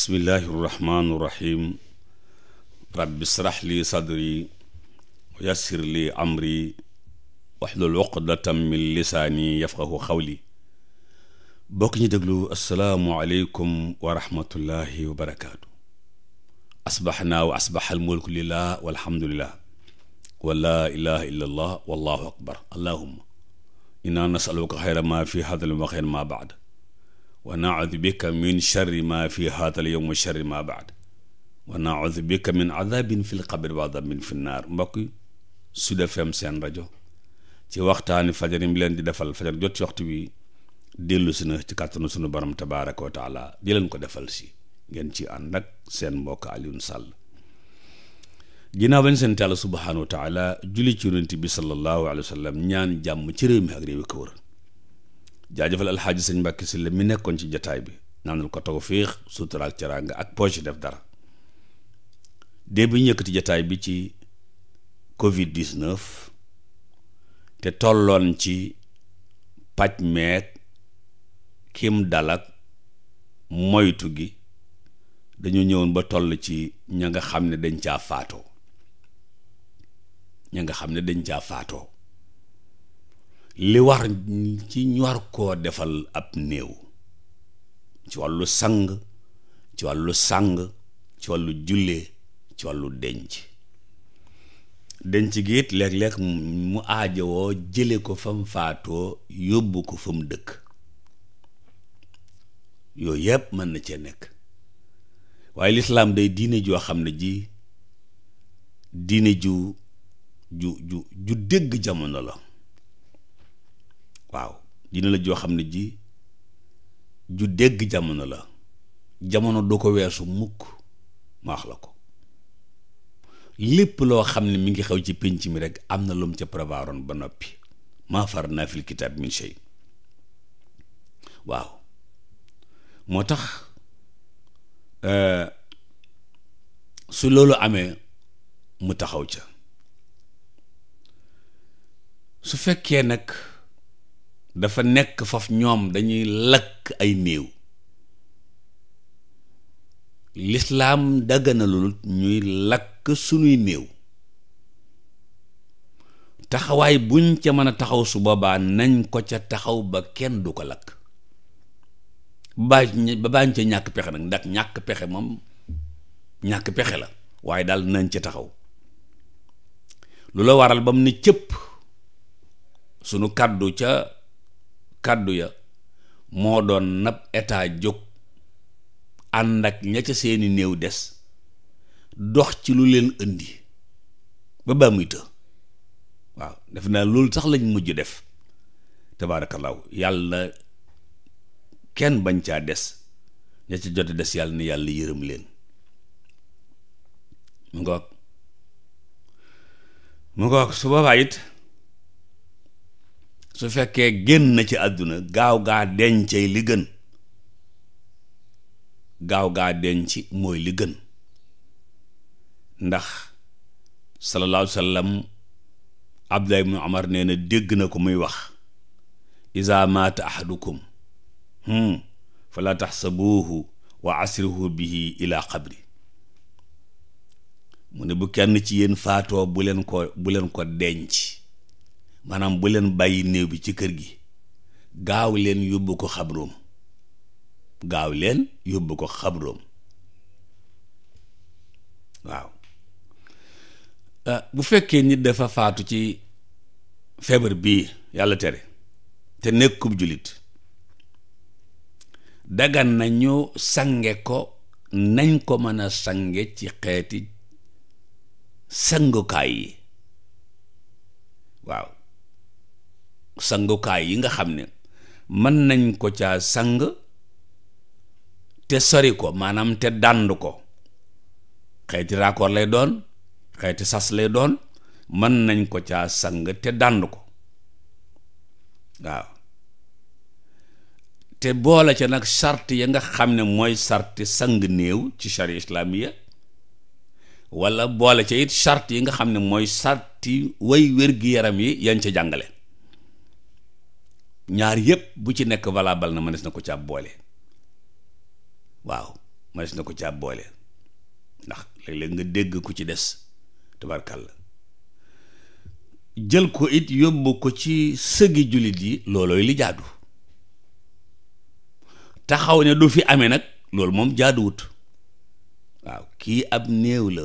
bismillahi irrahmani irrahim rabbi israh li sadri wa yassir li amri waxlul uqdatam min lisaani yafqahu xawli bokk ñu déglu asalaamu aleykum wa rahmatullahi wa barakaatu asbaxnaa wa asbax almulku lillah walhamdulillah wa laa ilaha illa allah wallahu akbar allahuma inna nasaluka xayra ma fi hadal wa xayra ma baad wa naudu bika min sharri ma fi haatal yowm wa sharri ma baad wa naudu bika min adabin fi lqabri wa adabin fi naar mbokk Sud FM seen rajo ci waxtaani fajar yi mu leen di defal fajar jot ci waxtu wi dellu si na ci kàttanu sunu borom tabaaraka wa taala di leen ko defal si ngeen ci ànd ak seen mbokk Alioune Sall ginnaaw bañ seen tàll subhaanahu wa taala julli ci yonent bi sallallahu alayhi wa sallam ñaan jàmm ci réew mi ak réew yi ko wër jaajëfal alxaaji sëñ si la mu nekkoon ci jataay bi naanal ko tawfiix sutura ak teraanga ak poche def dara dée bi ñu yëkkati jataay bi ci covid 19 te tolloon ci paj meeg kim dalak moytu gi dañu ñëwoon ba toll ci ña nga xam ne dañ caa faatoo ña nga xam ne dañ caa faatoo li war ci ñu war koo defal ab néew ci wàllu sang ci wàllu sang ci wàllu jullee ci wàllu denc denc gi it léeg-léeg mu aajowoo jële ko fam faatoo yóbbu ko fa mu dëkk yooyu yépp mën na cee nekk waaye lislaam day diine joo xam ne ji diine ju ju ju ju dégg jamono la waaw dina la joo xam ne ji ju dégg jamono la jamono doo ko weesu mukk ma wax la ko lépp loo xam ne mi ngi xew ci pénc mi rek am na lu ca prévoiroon ba noppi maa farnaa fil kitaab min shay waaw moo tax euh, su loolu amee mu taxaw ca su fekkee nag dafa nekk faf ñoom dañuy lakk ay néew lislaam dagganalul ñuy lakk sunuy néew taxawaay buñ ca mën a taxaw su boobaa nañ ko ca taxaw ba kenn du ko lakk ba baañ ca ñàkk pexe nag ndax ñàkk pexe moom ñàkk pexe la waaye daal nañ ca taxaw lu la waral ba mu ne cëpp sunu kàddu ca kàddu ya moo doon nab état jóg ànd ak ña ca seeni néew des dox ci lu leen indi ba baa muy të waaw def naa loolu sax lañ mujj def tabaarakallaahu yàlla kenn bañ caa des ña ca jote des yàlla na yàlla yërëm leen mu ngoog mu ngoog su boobaa it su fekkee génn na ci àdduna gaaw gaa dencey li gën gaaw gaa denc mooy li gën ndax sallallahu alayhi wa sallam Abdullah ibnu Umar nee dégg na ko muy wax iza maata ahadukum hmm, fala taxsabuuhu wa asrihu bihi ila xabri mu ne bu kenn ci yéen faatoo bu leen ko bu leen ko denc maanaam bu leen bàyyi néew bi ci kër gi gaaw leen yóbbu ko xabroom gaaw leen yóbbu ko xabroom waaw euh, bu fekkee nit dafa faatu ci feebar bii yàlla tere te nekkub jullit dagan nañu sange ko nañ ko mën a sange ci xeeti sëngukaay yi waaw sangukaay yi nga xam ne mën nañ ko caa sang te sori ko maanaam te dànd ko xeeti raakoor lay doon xeeti sas lay doon mën nañ ko ca sang te dànd ko waaw te boole ca nag sart yi nga xam ne mooy sarti sang néew ci charia islamiya wala boole ca it sart yi nga xam ne mooy sarti way wér-gi-yaram yi yan ca jàngale ñaar yépp bu ci nekk valable na des na ko càab boole waaw mënees na ko càab boole ndax léeg-léeg nga dégg ku ci des la jël ko it yóbbu ko ci sëgi jullit yi loolooy li jaadu taxaw ne du fi amee nag loolu moom jaaduwut waaw kii ab néew la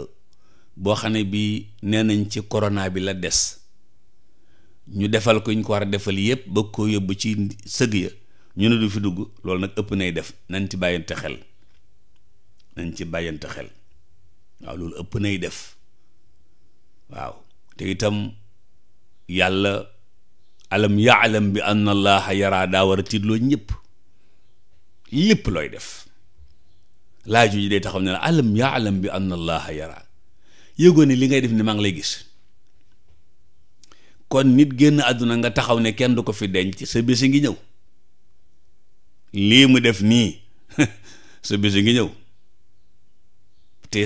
boo xam ne bii nee nañ ci corona bi la des ñu defal ko ñu ko war a defal yëpp bëgg ko yóbbu ci sëg ya ñu ne du fi dugg loolu nag ëpp nay def nañ ci bàyyante xel nañ ci bàyyante xel waaw loolu ëpp nay def waaw te itam yàlla alam yaalam bi anna allaha yaraa daa war a tiitloo ñëpp lépp looy def laaju ji day taxaw ne la alam yaalam bi anna allaha yaraa yëgoon ne li ngay def ni maa ngi lay gis kon nit génn àdduna nga taxaw ne kenn du ko fi denc sa bés ngi ñëw lii mu def nii sa bés ngi ñëw te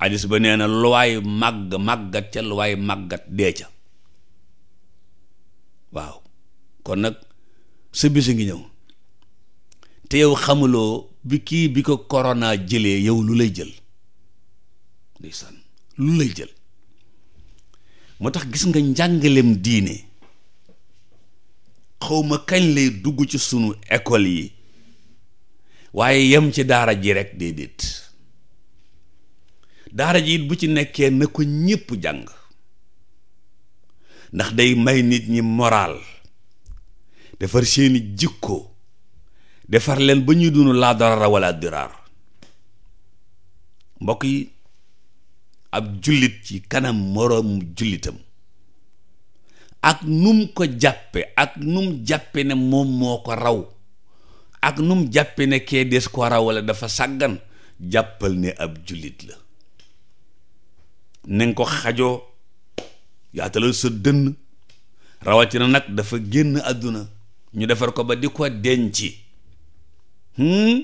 hadis ba nee na luwaay màgg màggat ca luwaay màggat dee ca waaw kon nag sa bés ngi ñëw te yow xamuloo bi kii bi ko corona jëlee yow lu lay jël ndeysaan lu lay jël moo tax gis nga njàngaleem diine xawma kañ lay dugg ci sunu école yi waaye yem ci daara ji rek déedéet daara ji it bu ci nekkee na ko ñépp jàng ndax day may nit ñi moral defar seeni jikko defar leen ba ñuy dunu laa darara wala diraar mbokk yi ab jullit ci kanam moroom jullitam ak num ko jàppe ak num jàppe ne moom moo ko raw ak num jàppe ne kee des ko raw wala dafa sàggan jàppal ne ab jullit la na nga ko xajoo yaatalal sa dënn rawatina nag dafa génn àdduna ñu defar ko ba di ko denc hmm?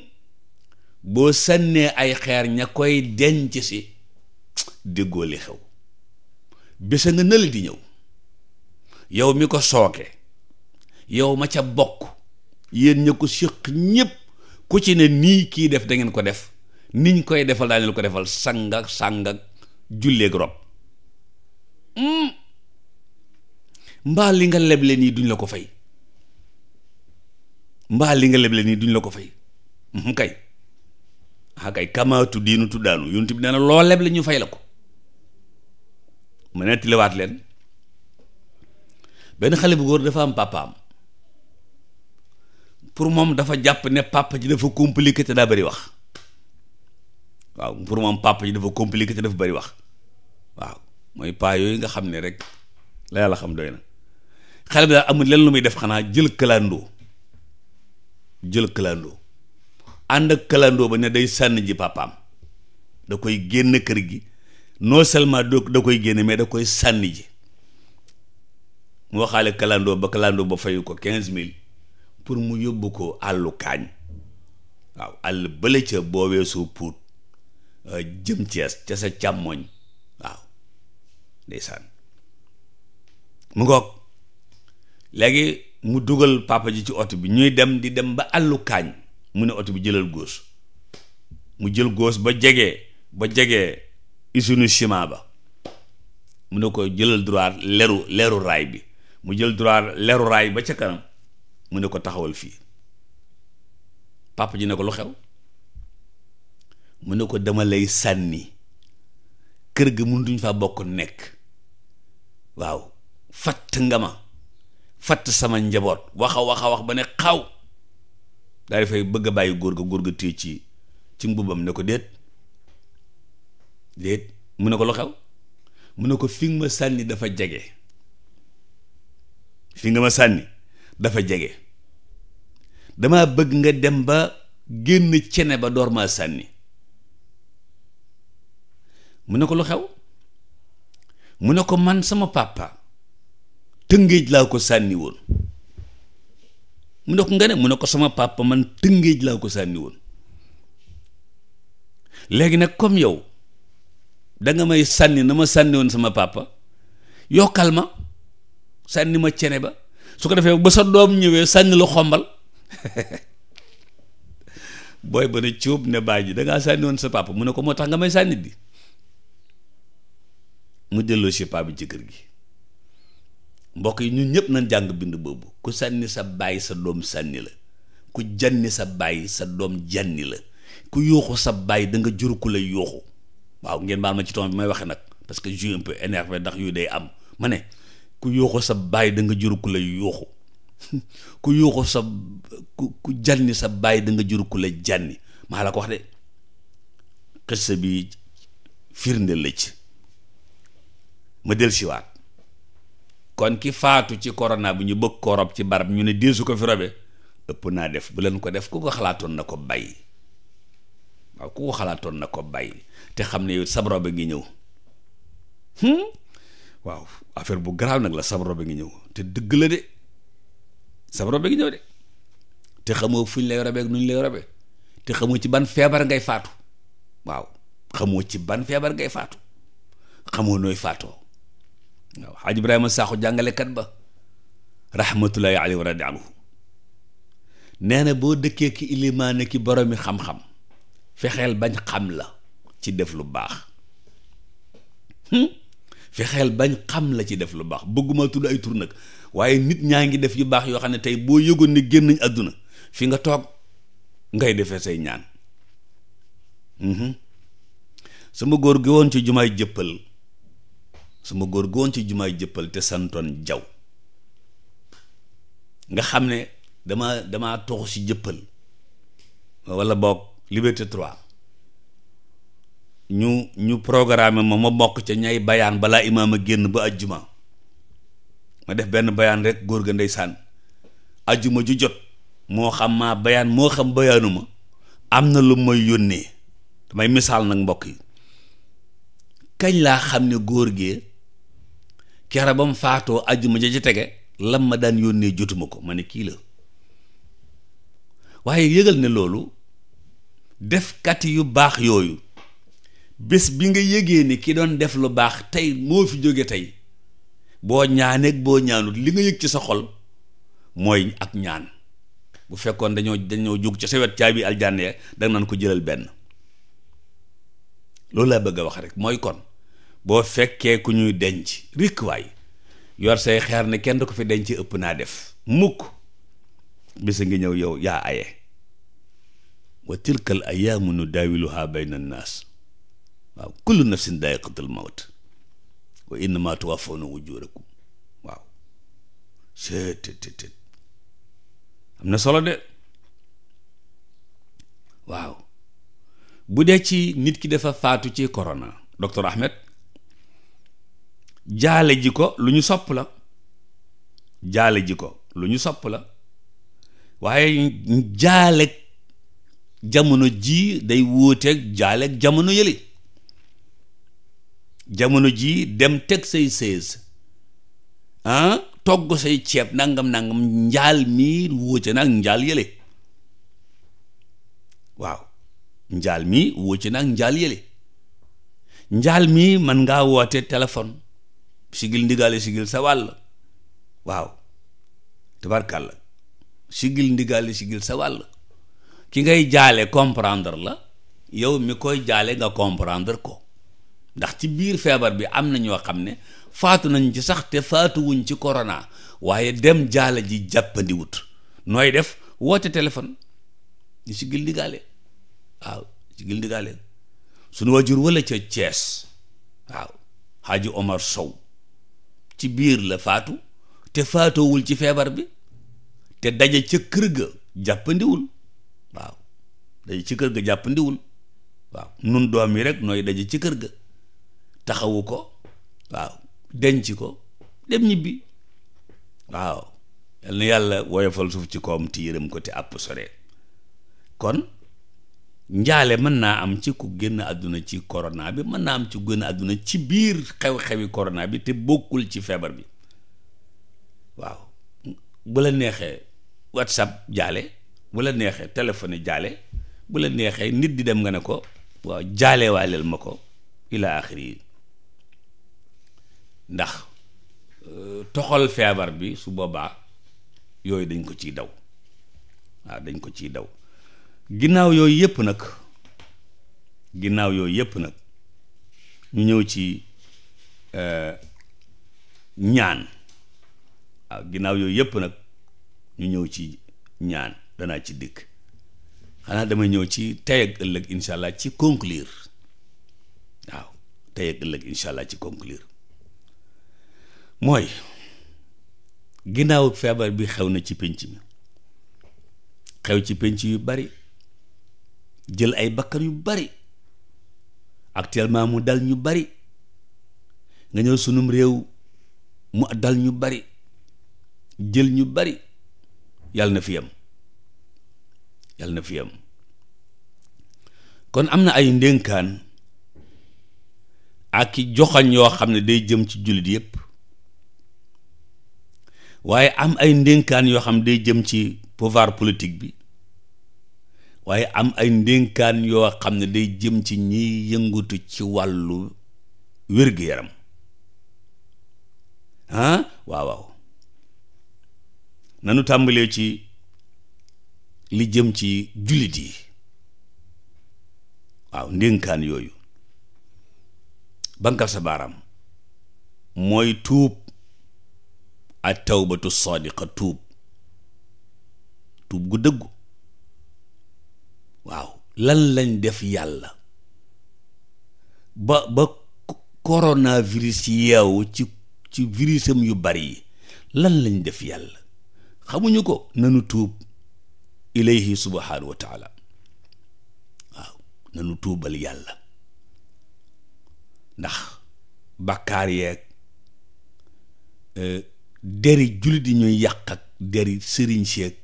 boo sànnee ay xeer ña koy denc si déggoo li xew bés nga nële di ñëw yow mi ko sooke yow ma ca bokk yéen ña ko séq ñépp ku ci ne nii kii def dangeen ko def niñ koy defal daa leen ko defal sang ak sang ak julleeg rob hmm. mbaa li nga leble nii duñ la ko fay mbaa li nga leble nii duñ la ko fay hmm, kay ah kay kamaatu diinu tuddaanu yonent bi nee na loo leble ñu fay ko mu leen benn xale bu góor dafa am papaam pour moom dafa jàpp ne papa ji dafa compliqué te daa wax waaw pour moom dafa compliqué dafa bëri wax waaw mooy paa yooyu nga xam ne rek la yàlla xam doy na xale bi daal amul lenn lu muy def xanaa jël këlaandoo jël kalandoo ànd ak kalandoo ba ne day sànni ji papaam da koy génn kër gi non seulement da koy génn mais da koy sànni ji mu waxaale kalandoo ba kalandoo ba fayu ko quinze mille pour mu yóbbu ko àllu kaañ waaw àll bële ca boo weesoo puut euh, jëm Cees ca sa càmmoñ waaw ndeysaan mu ngoog léegi mu dugal papa ji ci oto bi ñuy dem di dem ba àllu kaañ mu ne oto bi jëlal góos mu jël góos ba jege ba jege usine ciment ba mu ne ko jëlal droit leru leru raay bi mu jël droit leru raay ba ca kanam mu ne ko taxawal fii papa ji ne ko lu xew mu ne ko dama lay sànni kër ga mun duñ faa bokk nekk waaw fatt nga ma fatt sama njaboot waxa waxa wax ba ne xaw daal fay bëgg a bàyyi góor ga góor ga téye ci ci mbubbam ne ko déet déet mu ne ko lu xew mu ne ko fi ma sànni dafa jege fi nga ma sànni dafa jege damaa bëgg nga dem ba génn cene ba door maa sànni mu ne ko lu xew mu ne ko man sama papa tëngéej laa ko sànni woon mu ne ko nga ne mu ne ko sama papa man tëngéej laa ko sànni woon léegi nag comme yow danga may sànni na ma sànni woon sama papa yokkal ma sànni ma cene ba su ko defee ba sa doom ñëwee sànni la xombal booy ba ne cuub ne baay ji dangaa sànni woon sa papa mu ne ko moo tax nga may sànni bi mu delloo si paa bi gi mbokk yi ñun ñëpp na jàng bind boobu ku sànni sa bàyyi sa doom sànni la ku janni sa bàyyi sa doom janni la ku yuuxu sa bàyyi da nga jur ku yuuxu waaw ngeen baal ma ci ton may waxe nag parce que je suis un yooyu day am ma ne ku yuuxu sa bàyyi da nga jur ku ku yuuxu sa ku janni sa bàyyi danga nga jur ku lay janni maa la ko wax de xësa bi firnde la ci ma del siwaat kon ki faatu ci corona bu ñu bëgg ko rob ci barab ñu ne deesu ko fi robe ëpp naa def bu leen ko def ku ko xalaatoon na ko bàyyi waaw ku ko xalaatoon na ko bàyyi te xam ne yow sab robe ngi ñëw hmm? waaw affaire bu garaaw nag la sab robe ngi ñëw te dëgg la de sab robe ngi ñëw de te xamoo fu ñu lay robe ak nu ñu lay robe te xamoo ci ban feebar ngay faatu waaw xamoo ci ban feebar ngay faatu xamoo nooy faatoo waaw xaaj ibrahima saaxu jàngalekat ba rahmatullahi alayhi wa radi anhu nee na boo dëkkee ki ilimaane ki boroomi xam-xam fexeel bañ xam la ci def lu baax hmm? fexeel bañ xam la ci def lu baax bëgguma tudd ay tur nag waaye nit ñaa ngi def yu baax yoo xam ne tey boo yëgoon ne génn nañ àdduna fi nga toog ngay defee say ñaan hmm? sama góor gi woon ci jumaay jëppal suma góor góon ci jumaay jëppal te santoon jaw nga xam ne dama dama toxu ci jëppal wala boog liberté 3 ñu ñu programme ma ma bokk ca ñay bayaan balaa imaam a génn ba ajjuma ma def benn bayaan rek góor ga san ajjuma ju jot moo xam maa bayaan moo xam bayaanuma am na lu may yónnee may misaal nag mbokk yi kañ laa xam ne góor gee kera ba mu faatoo ajjuma ja tege lam ma daan yónnee jotuma ko ma ne kii la waaye yëgal ne loolu defkat yu baax yooyu bés bi nga yëgee ni ki doon def lu baax tey moo fi jóge tey boo ñaaneeg boo ñaanut li nga yëg ci sa xol mooy ak ñaan bu fekkoon dañoo dañoo jóg ci sa wet caabi aljanna danga naan ko jëlal benn loolu laa bëgg a wax rek mooy kon boo fekkee ku ñuy denc rikk waay yor say xeer ne kenn du ko fi denc ëpp naa def mukk bisa ngi ñëw yow yaa aye wa tilkal ayaamu nu daawiluha bayna annaas waaw kullu nafsin daa'iqatul mawt wa innama tuwaffawna ujurakum waaw seet tët am na solo de waaw bu dee ci nit ki dafa faatu ci korona docteur Ahmed jaale ji ko lu ñu sopp la jaale ji ko lu ñu sopp la waaye jaaleeg jamono ji day wuuteeg jaaleeg jamono yële jamono ji dem teg say sées ah, togg say ceeb nangam nangam njaal mii wuute nag njaal yële waaw njaal mii wuute nag njaal yële njaal mii mën ngaa woote téléphone sigil ndigaale sigil sa wàll waaw tabarkàlla sigil ndigaale sigil sa wàll ki ngay jaale comprendre la yow mi koy jaale nga comprendre ko ndax ci biir feebar bi am na ñoo xam ne faatu nañ ci sax te faatuwuñ ci korona waaye dem jaale ji jàppandiwut nooy def woote téléphone ñu sigil ndigaale waaw sigil ndigaale sunu wajur wala ca Thiès waaw Haji Omar Sow ci biir la faatu te faatoowul ci feebar bi te daje ca kër ga jàppandiwul waaw daje ci kër ga jàppandiwul waaw nun doom yi rek nooy daje ci kër ga taxawu ko waaw denc ko dem ñibbi waaw yal na yàlla woyofal suuf ci koom te yërëm ko te àpp sore kon njaale mën naa am ci ku génn àdduna ci korona bi mën naa am ci ku génn àdduna ci biir xew-xewi korona bi te bokkul ci feebar bi waaw bu la neexee whatsapp jaale bu la neexee téléphone jaale bu la neexee nit di dem nga ne ko waaw jaale waaleel ma ko ila axiri yi ndax euh, toxal feebar bi su boobaa yooyu dañ ko ciy daw waaw dañ ko ciy daw ginnaaw yooyu yëpp nag ginnaaw yooyu yëpp nag ñu ñëw ci euh, ñaan waaw ginnaaw yooyu yëpp nag ñu ñëw ci ñaan danaa ci dikk xanaa damay ñëw ci tey ak ëllëg incha allah ci conclure waaw tey ak ëllëg incha allah ci conclure mooy ginnaaw feebar bi xew na ci pénc mi xew ci pénc yu bari jël ay bakkar yu bari actuellement mu dal ñu bari nga ñëw sunum réew mu dal ñu bari jël ñu bari yàlla na fi yam yàlla na fi yam kon am na ay ndénkaan ak i joxañ yoo xam ne day jëm ci jullit yépp waaye am ay ndénkaan yoo xam ne day jëm ci pouvoir politique bi waaye am ay ndénkaan yoo xam ne day jëm ci ñiy yëngatu ci wàllu wér-gu-yaram ah waaw waaw nanu tàmbalee ci li jëm ci jullit yi waaw ndénkaan yooyu bankal sa baaraam mooy tuub ak tawbatu sadiqa tuub tuub gu dëggu waaw lan lañ def yàlla ba ba coronavirus yeewu ci virusam yu bari yi lan lañ def yàlla xamuñu ko nanu tuub ilayhi subhanahu wa taala waaw nanu tuubal yàlla ndax bàkkaar yeeg euh, deri jullit yi ñuy yàq ak deri sëriñ seeg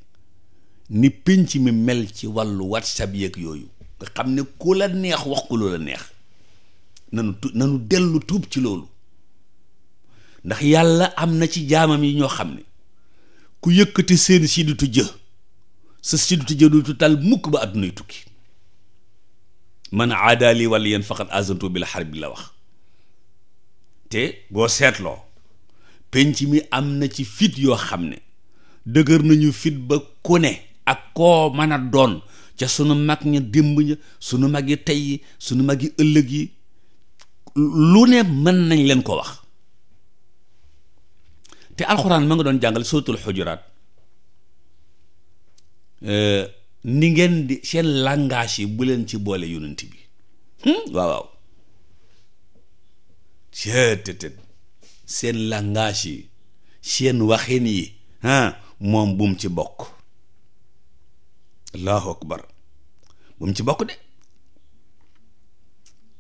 ni pénc mi mel ci wàllu whatsapp yeeg yooyu nga xam ne ku la neex wax ko la neex nanu tu nanu dellu tuub ci loolu ndax yàlla am na ci jaamam yi ñoo xam ne ku yëkkati seen sidditu jë sa sidditu jë du tal mukk ba àddunay tukki man aadaali wala yéen faqat azantu bil xar bi la wax te boo seetloo penc mi am na ci fit yoo xam ne dëgër nañu fit ba ku ne ak koo mën a doon ca sunu mag ña démb ña sunu mag yi tey yi sunu mag yi ëllëg yi lu ne mën nañ leen ko wax te alxuraan ma nga doon jàngal suratul xujuraat eh, ni ngeen di seen langage yi bu leen ci boole yonent bi hmm? waaw waaw seetetet seen langage yi seen waxin yi ah, moom bum ci bokk allahu akbar bu mu ci bokk de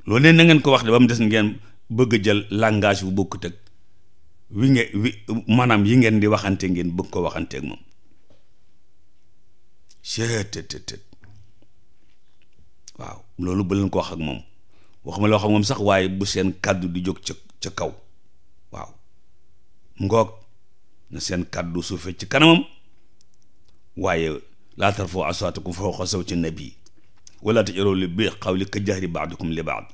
loolu ne na ngeen ko wax de ba mu des ngeen bëgg a jël langage bu bokkut ak wi nge wi maanaam yi ngeen di waxante ngeen bëgg ko waxante ak moom cetëtëtët waaw loolu bu leen ko wax ak moom wax ma wax ak moom sax waaye bu seen kàddu di jóg ca ca kaw waaw ngoog na seen kàddu suufe ci kanamam waaye laa tarfa'u aswaatakum fawqa sawti nabi wala tajharu li bil qawli ka jahri ba'dikum li ba'd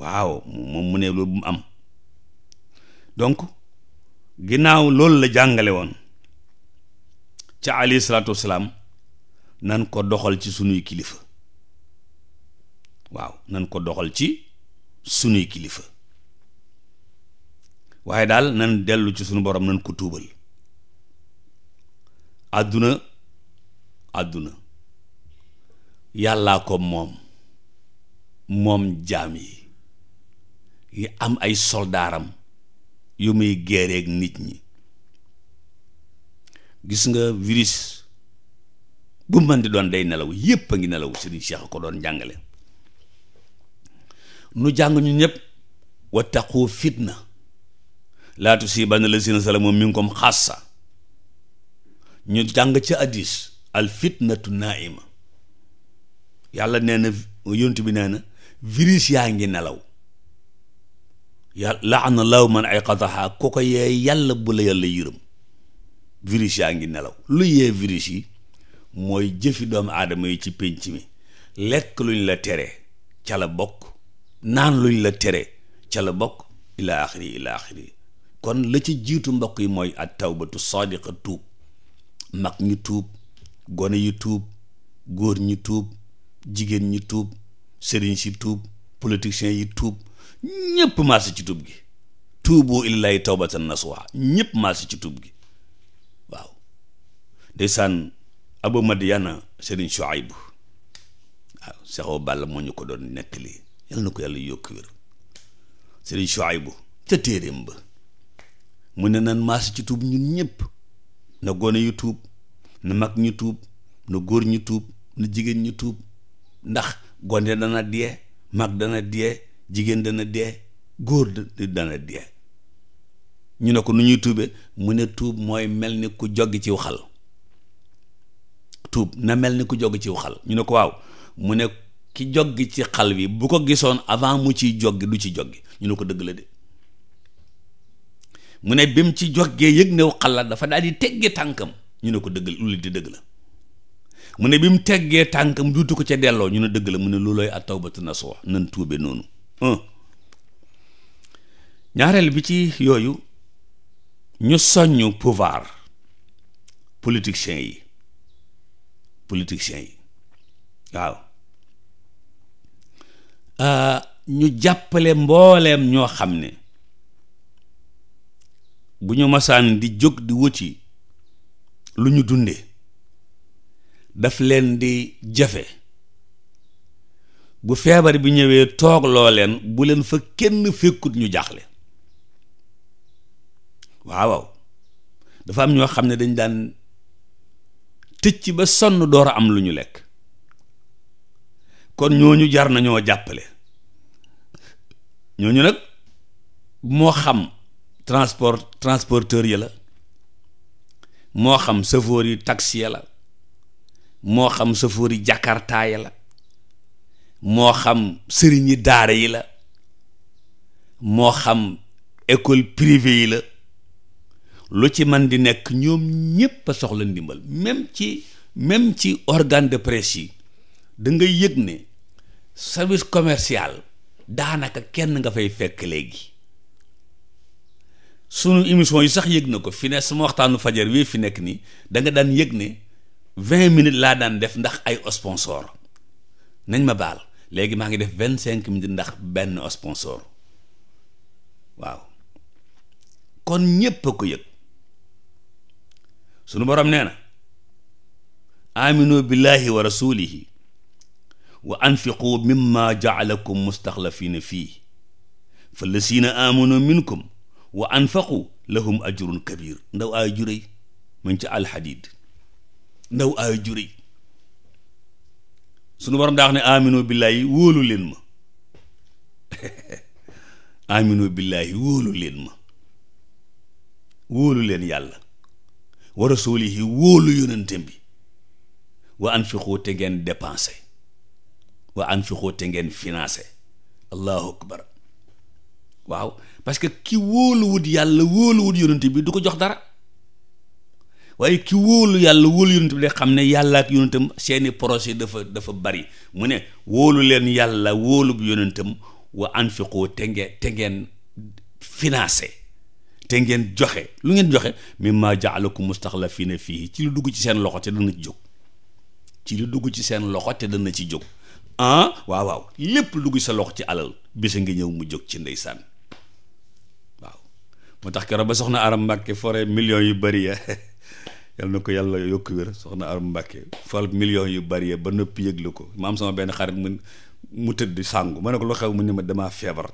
waaw moom mu ne loolu bu mu am donc ginnaaw loolu la jàngale woon ca alayhi salaatu nan ko doxal ci sunuy kilifa waaw nan ko doxal ci sunuy kilifa waaye daal nan dellu ci sunu borom nan ko tuubal àdduna àdduna yàllaa ko moom moom jaam yi yi am ay soldaaram yu muy géereeg nit ñi gis nga virus bu mën di doon dey nelaw yépp a ngi nelaw Serigne Cheikh ko doon jàngale nu jàng ñu ñëpp wattaqu fitna laa tusiibanna lazina zalamu minkum sa ñu jàng ci addis al fitnatu naaima yàlla nee na bi nee na virus yaa ngi nelaw yàlla laana law man ay xataxaa ko yee yàlla bu la yàlla yërëm virus yaa ngi nelaw lu yee virus yi mooy jëfi doomu aadama yi ci pénc mi lekk luñ la tere ca la bokk naan luñ la tere ca la bokk ila axiri ila axiri kon la ci jiitu mbokk yi mooy at tawbatu sadiqa tuub mag ñu tuub gone yu tuub góor ñu tuub jigéen ñi tuub sëriñ si tuub politiciens yi tuub ñépp maase ci tuub gi tuubu illaahi tawbatan nasuha ñépp maase ci tuub gi waaw de ndeysaan abu madiana sëriñ Shuaybu waaw saxoo bàll moo ñu ko doon nettali yal na ko yàlla yokk wér sëriñ Shuaybu ca téeréem ba mu ne nan maase ci tuub ñun ñépp na gone yu tuub na mag ñu tuub na góor ñu tuub na jigéen ñu tuub ndax gonde dana dee mag dana dee jigéen dana dee góor dana dee ñu ne ko nu ñuy tuube mu ne tuub mooy mel ni ku joggi ci xal tuub na mel ni ku joggi ci xal ñu ne ko waaw mu ne ki joggi ci xal wi bu ko gisoon avant mu ciy joggi du ci joggi ñu ne ko dëgg la de mu ne bi mu ci joggee yëg new xal la dafa daal di teggi tànkam ñu ne ko dëgg lu di dëgg la mu ne bi mu teggee tànkam juutu ko ca delloo ñu ne dëgg la mu ne loolooy at tawbatu soo nan tuube noonu ñaareel bi ci yooyu ñu soññ pouvoir politiciens yi politiciens yi waaw euh, ñu jàppale mbooleem ñoo xam ne bu ñu masaan di jóg di wuti lu ñu dunde daf leen di jafe bu feebar bi ñëwee toog loo leen bu leen fa kenn fekkut ñu jaaxle waaw dafa am ñoo xam ne dañ daan tëcc ba sonn door a am lu ñu lekk kon ñooñu jar na ñoo jàppale ñooñu nag moo xam transport transporteur yi la moo xam safoor yi taxi la moo xam safoor yi jakarta la moo xam sëriñi daara yi la moo xam école privée yi la lu ci man di nekk ñoom ñépp a soxla ndimbal même ci même ci organe de presse yi da nga yëg ne service commercial daanaka kenn nga fay fekk léegi sunu émission yi sax yëg na ko fi ne sama waxtaanu fajar wii fi nekk nii danga daan yëg ne vingt minutes laa daan def ndax ay sponsor nañ ma baal léegi maa ngi def vingt cinq minutes ndax benn sponsor waaw kon ñépp a ko yëg sunu borom nee na aminu billahi wa rasulihi wa anfiqu mimma jaalakum mustaxlafina fii fa lasina amanu minkum wa anfaqu lahum ajrun kabir ndaw aaya juréy mu ngi ci alxadid ndaw aaya juréy sunu borom daa wax ne aminu billaahi wóolu leen ma aminu billaahi wóolu leen ma wóolu leen yàlla wa rasulihi wóolu yónentam bi wa anfiqu te ngeen dépensé wa anfiqu te ngeen financé allahu akbar waaw parce que ki wóoluwut yàlla wóoluwut yonent bi du ko jox dara waaye ki wóolu yàlla wóolu yonent bi de xam ne yàlla ak yonentam seeni projet dafa dafa bari mu ne wóolu leen yàlla wóolu bu yonentam wa anfiqu te ngeen te ngeen financé te ngeen joxe lu ngeen joxe mimma jaalakum mustaxlafiina fii ci lu dugg ci seen loxo te dana ci jóg ci lu dugg ci seen loxo te dana ci jóg ah waaw waaw lépp lu dugg sa loxo ci alal bisa ngi ñëw mu jóg ci ndey ndeysaan moo tax keroog ba soxna Aram Mbàkke fore millions yu bëri ya yal na ko yàlla yokk wér soxna Aram Mbàkke fal million yu bëri ya ba noppi yëglu ko ma am sama benn xarit mu mu tëdd sàngu ma ne ko lu xew mu ne ma damaa feebar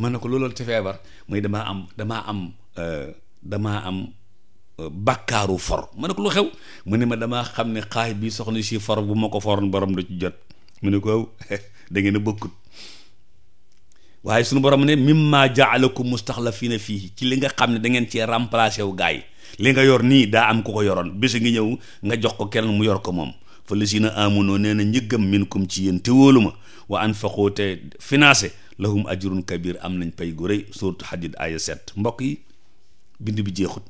ma ne ko looloon ci feebar muy damaa am damaa am euh, damaa am euh, bàkkaaru for ma xew mu ne ma damaa xam ne xaay bi soxna si for bu ma ko foroon boroom du jot mu ne ko da ngeen a bokkut waaye suñu borom ne mimma jaalakum mustaxlafiina fii ci li nga xam ne da ngeen cee remplacé wu gars yi li nga yor nii daa am ku ko yoroon bés ngi ñëw nga jox ko kenn mu yor ko moom fa lazina amunoo nee njëggam ñëggam minkum ci yéen te wóolu ma wa anfaqoo te financé lahum ajrun kabir am nañ pay gu rëy suratu hadid aya 7 mbokk yi bind bi jeexut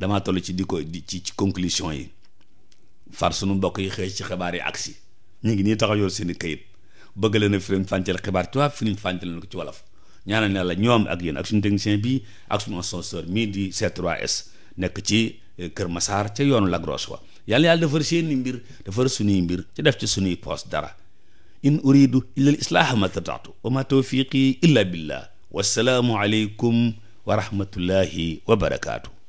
damaa toll ci di ko di ci ci conclusion yi far sunu mbokk yi xëy ci xibaar yi agsi ñu ngi nii taxaw yor seen i kayit bëgg leen a firiñ fàncal xibaar ci tubaab firiñ fàncal leen ko ci wolof ñaanal yàlla ñoom ak yéen ak suñu technicien bi ak suñu sponsor mii di C3S nekk ci eh, Kër masaar ca yoonu Lagros wa yàlla yàlla defar seeni mbir defar suñuy mbir ci def ci suñuy poos dara in uridu illa al islaaha ma tataatu wa ma tawfiqi illa billah wassalaamu aleykum wa rahmatullahi wa barakaatu